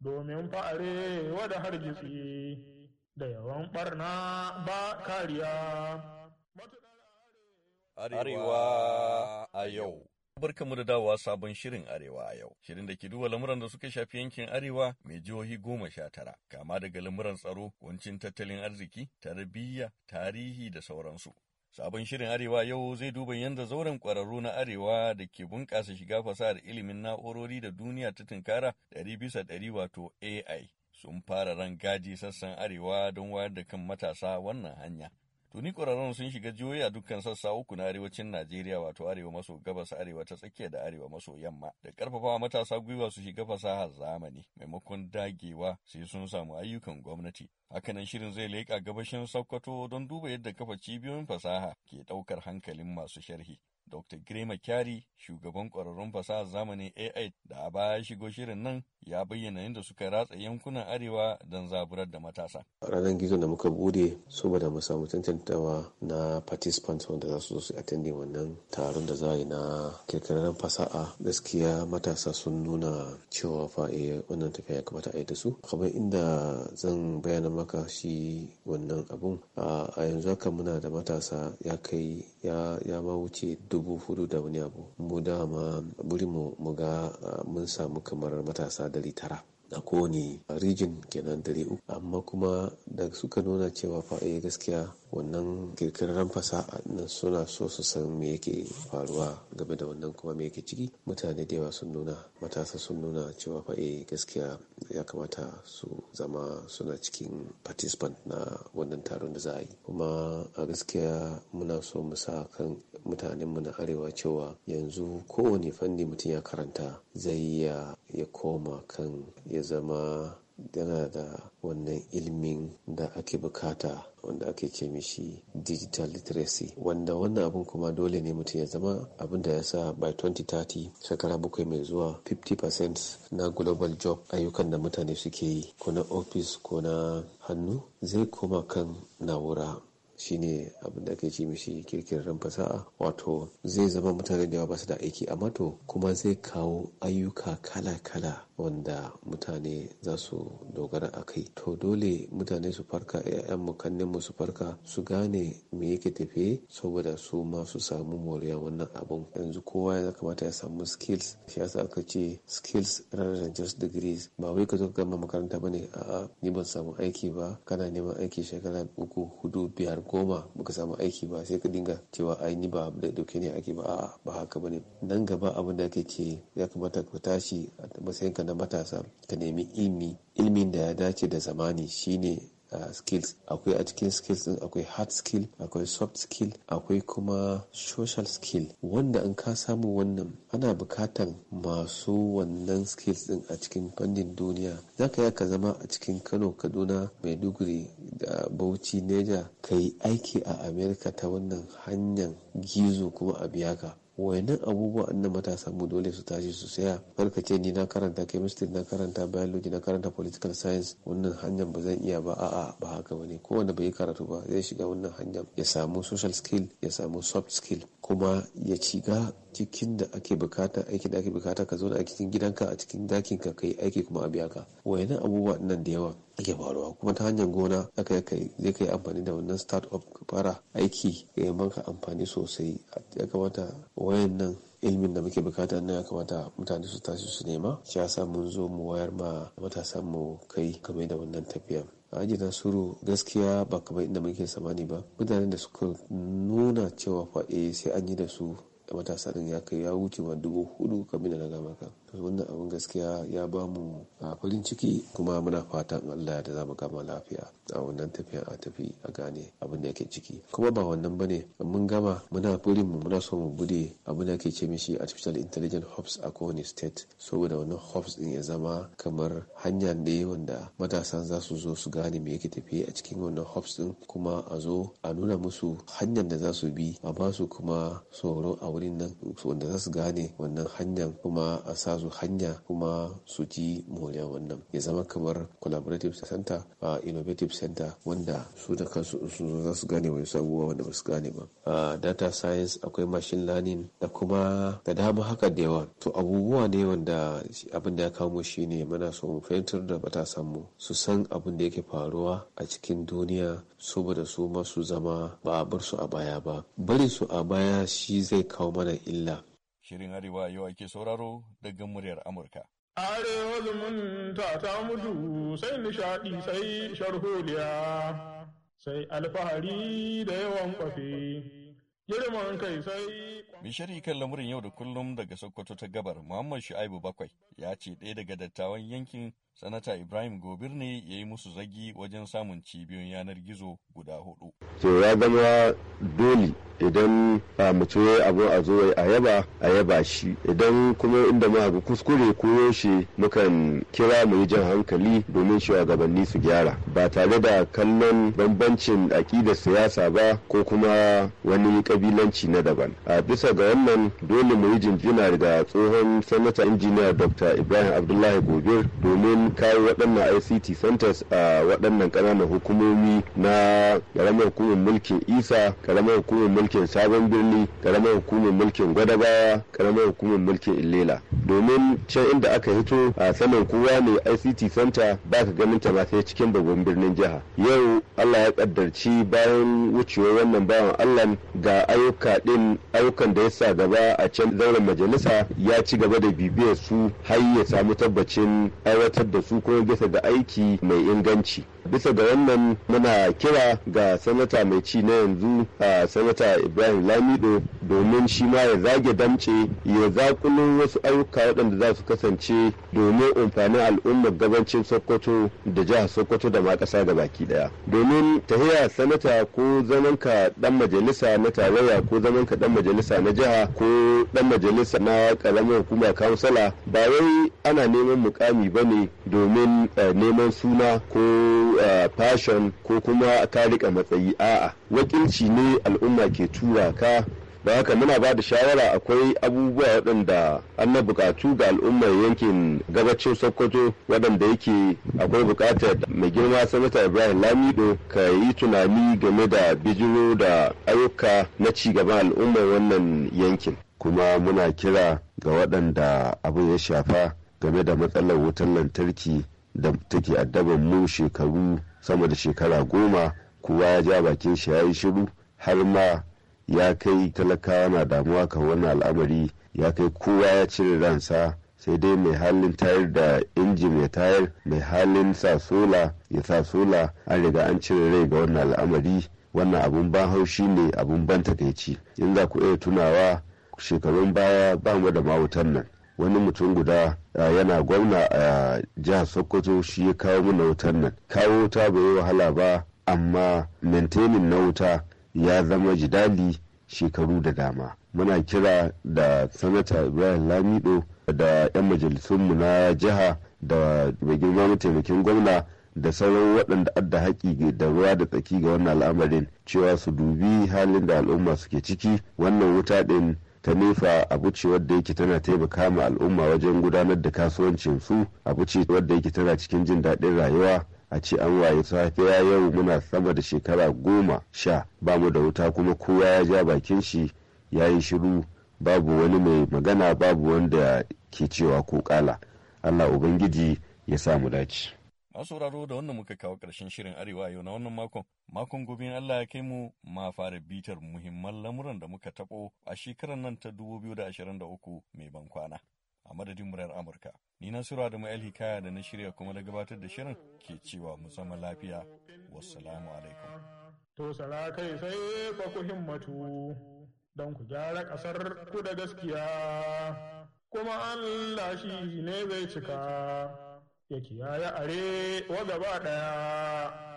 domin fa'are wada hargitsi da yawan ɓarna ba kariya. Arewa a yau barka mu da dawowa sabon shirin Arewa a yau, shirin da ke duba lamuran da suka shafi yankin Arewa mai jihohi goma sha tara, kama daga lamuran tsaro, kuncin tattalin arziki, tarbiyya, tarihi da sauransu. Sabon shirin Arewa yau zai duba yadda zauren ƙwararru na Arewa da ke bunƙasa shiga fasahar ilimin na'urori da duniya ta tunkara ɗari bisa ɗari wato AI sun fara rangaji sassan Arewa don wayar da kan matasa wannan hanya. Tuni ƙwararrun sun shiga jihohi a dukkan sassa uku na arewacin Najeriya wato arewa maso gabas arewa ta tsakiya da arewa maso yamma da ƙarfafawa matasa gwiwa su shiga fasahar zamani maimakon dagewa sai sun samu ayyukan gwamnati. Hakanan shirin zai leƙa gabashin Sokoto don duba yadda kafa cibiyoyin fasaha ke ɗaukar hankalin masu sharhi. Dr. Grema Kyari, shugaban ƙwararrun fasahar zamani AI da a baya shigo shirin nan ya bayyana yadda suka ratsa yankunan arewa don zaburar da matasa. Ranar gizo da muka bude saboda mu samu tantantawa na participants wanda za su zo su attending wannan taron da za a yi na kirkiraren fasa'a gaskiya matasa sun nuna cewa fa eh, wannan tafiya ya kamata a yi da su. Kamar inda zan bayyana maka shi wannan abun a yanzu haka muna da matasa ya kai ya ma wuce dubu hudu da wani abu. Mu dama buri mu ga mun samu kamar matasa da dari tara a kowane rijin kenan dari uku amma kuma da suka nuna cewa fa eh gaskiya wannan kirkirar fasaha nan suna so su san me yake faruwa game da wannan kuma me yake ciki mutane da yawa sun nuna matasa sun nuna cewa fae eh gaskiya ya kamata su zama suna cikin participant na wannan taron da za a yi kuma a gaskiya muna so mu sa kan mutanenmu na arewa cewa yanzu kowane fanni mutum ya karanta zai iya ya koma kan ya zama yana da wannan ilimin da ake bukata wanda ake ce mishi digital literacy wanda wannan abun kuma dole ne mutum ya zama abin da ya sa by 2030 shekara bakwai mai zuwa 50% na global job ayyukan da mutane suke yi ko na ofis ko na hannu zai koma kan na'ura shine abin da ake ce mishi kirkirar fasaha wato zai zama mutane da yawa ba su da aiki a mato kuma zai kawo ayyuka kala-kala wanda mutane za su dogara a kai to dole mutane su farka 'ya'yan mukannin mu su farka su gane me yake tafe saboda su ma su samu moriya wannan abun yanzu kowa ya kamata ya samu skills shi yasa aka ce skills rather than just degrees ba wai ka zo gama makaranta bane a'a ni ban samu aiki ba kana neman aiki shekara uku hudu biyar koma muka samu aiki ba sai ka dinga cewa ai ni ba da dauke ne ake ba a'a ba haka ba ne. nan gaba abin da ake ce ya kamata ka tashi a matsayin na matasa ka nemi ilimi ilimin da ya dace da zamani shine Uh, skills akwai a cikin skills din akwai hard skill akwai soft skill akwai kuma social skill wanda in ka samu wannan ana bukatan masu wannan skills din a cikin fannin duniya zaka ya ka zama a cikin kano kaduna maiduguri da bauchi neja ka yi aiki a america ta wannan hanyar gizo kuma a biyaka wayannan abubuwa na matasan mu dole su tashi su saya ka ce ni na karanta chemistry na karanta biology na karanta political science wannan hanyar ba zan iya ba a'a ba haka bane kowanne bai karatu ba zai shiga wannan hanyar ya samu social skill ya samu soft skill kuma ya ciga cikin da ake bukata aiki da ake bukata ka zo a cikin gidanka a cikin dakin ka yi aiki kuma a biya ka wayannan abubuwa nan da yawa ake faruwa kuma ta hanyar gona aka kai zai kai amfani da wannan start-up fara aiki ga ya ka amfani sosai ya kamata wayan nan ilimin da muke bukata na ya kamata mutane su tashi su nema shi ya sa mun zo mu wayar ma matasan mu kai game da wannan tafiya aji suru gaskiya ba kamar inda muke samani ba mutanen da suka nuna cewa fae eh, sai an yi da su matasa din ya kai ya wuce ma dubu hudu kamin da na gama ka wannan abin gaskiya ya ba mu farin ciki kuma muna fatan Allah da za mu gama lafiya a wannan tafiya a tafi a gane abin da yake ciki kuma ba wannan ba ne mun gama muna burin mu muna so mu bude abin da yake ce mishi artificial intelligence hubs a kowane state saboda wannan hubs din ya zama kamar hanya ne wanda matasan za su zo su gane me yake tafiye a cikin wannan hubs din kuma a zo a nuna musu hanyar da za su bi a ba su kuma tsoro a wurin nan wanda za su gane wannan hanyar kuma a sa su hanya kuma su ji moriya wannan ya zama kamar collaborative center a innovative center wanda su da kansu su za su gane wani sabuwa wanda ba su gane ba a data science akwai machine learning da kuma da dama haka da yawa to abubuwa ne wanda abin da ya kawo shi ne muna so mu fahimtar da matasan mu su san abin da yake faruwa a cikin duniya saboda su masu zama ba a bar su a baya ba bari su a baya shi zai kawo mana illa shirin arewa yau ake sauraro daga muryar amurka arewa zumunta ta mutu sai nishaɗi sai sharholiya sai alfahari da yawan kwafi girman kai sai Mai shari'a kan lamurin yau da kullum daga Sokoto ta gabar Muhammad Shu'aibu Bakwai ya ce ɗaya daga dattawan yankin Sanata Ibrahim Gobir ne ya yi musu zagi wajen samun cibiyoyin yanar gizo guda hudu. To ya zama dole idan a mutum ya abu a zo a yaba a yaba shi idan kuma inda ma ga kuskure ko yaushe mukan kira mu yi jan hankali domin shugabanni su gyara ba tare da kallon bambancin aƙidar siyasa ba ko kuma wani kabilanci na daban. A bisa bisa ga wannan dole mu yi jinjina da tsohon sanata injiniya dr ibrahim abdullahi gobe domin kawo waɗannan ict centers a waɗannan ƙananan hukumomi na ƙaramar hukumar mulkin isa ƙaramar hukumar mulkin sabon birni ƙaramar hukumar mulkin gwadabawa ƙaramar hukumar mulkin illela domin can inda aka hito a saman kowa ne ict center ba ka ganin ta sai cikin babban birnin jiha yau allah ya ƙaddarci bayan wucewar wannan bayan allah ga ayyuka ɗin ayyukan da ya sa gaba a can zauren majalisa ya ci gaba da bibiyar su har ya samu tabbacin aiwatar da su kuma bisa da aiki mai inganci bisa da wannan muna kira ga sanata mai ci na yanzu a sanata ibrahim lamido domin shi ma ya zage damce ya zakulo wasu ayyuka waɗanda za su kasance domin amfanin al'ummar gabancin sokoto da jihar sokoto da ma ƙasa da baki ɗaya domin tahiya sanata ko zaman ka ɗan majalisa na tarayya ko zaman ka ɗan majalisa na jiha ko ɗan majalisa na ƙaramin hukuma kansala ba wai ana neman mukami ba ne domin eh, neman suna ko fashon ko kuma ka rika matsayi a'a wakilci ne al'umma ke tura ka da haka muna ba da shawara akwai abubuwa waɗanda an na buƙatu ga al'ummar yankin gabacin sokoto waɗanda yake akwai buƙatar mai girma sanata ibrahim lamido ka yi tunani game da bijiro da ayyuka na ci gaban al'ummar wannan yankin kuma muna kira ga waɗanda abin ya shafa game da matsalar wutar lantarki da take addaban mu shekaru sama da shekara goma kowa ya ja bakin shi ya yi shiru har ma ya kai talakawa na damuwa kan wannan al'amari ya kai kowa ya cire ransa sai dai mai halin tayar da injin ya tayar mai halin sa sola ya sa sola an riga an cire rai ga wannan al'amari wannan abun ban haushi ne abun ban takaici in za ku iya tunawa shekarun baya ba mu da mawutan nan wani mutum guda yana gwamna a jihar sokoto shi ya kawo mana wutar nan kawo wuta bai yi wahala ba amma maintaining na wuta ya zama jidali shekaru da dama muna kira da sanata ibrahim lamido da 'yan majalisunmu na jiha da mai girma mataimakin gwamna da sauran waɗanda adda haƙi da ruwa da tsaki ga wannan al'amarin cewa su dubi halin da al'umma suke ciki wannan wuta ɗin ta nefa abu ce wadda yake tana taimaka ma al'umma wajen gudanar da kasuwancin su abu ce wadda yake tana cikin jin daɗin rayuwa a ce an waye safiya yau muna sama da shekara goma sha ba mu da wuta kuma kowa ya ja bakin shi ya yi shiru babu wani mai magana babu wanda ke cewa ko kala allah ubangiji ya samu dace Masu sauraro da wannan muka kawo ƙarshen shirin Arewa yau na wannan makon. Makon gobe in Allah ya kai mu ma fara bitar muhimman lamuran da muka taɓo a shekarar nan ta uku mai ban kwana. A madadin muryar Amurka, ni na Sura da Ma'al Hikaya da na shirya kuma na gabatar da shirin ke cewa mu zama lafiya. Wassalamu alaikum. To sala kai sai fa ku himmatu don ku gyara ƙasar ku da gaskiya. Kuma Allah shi ne zai cika. yake ya yi are wa gaba ɗaya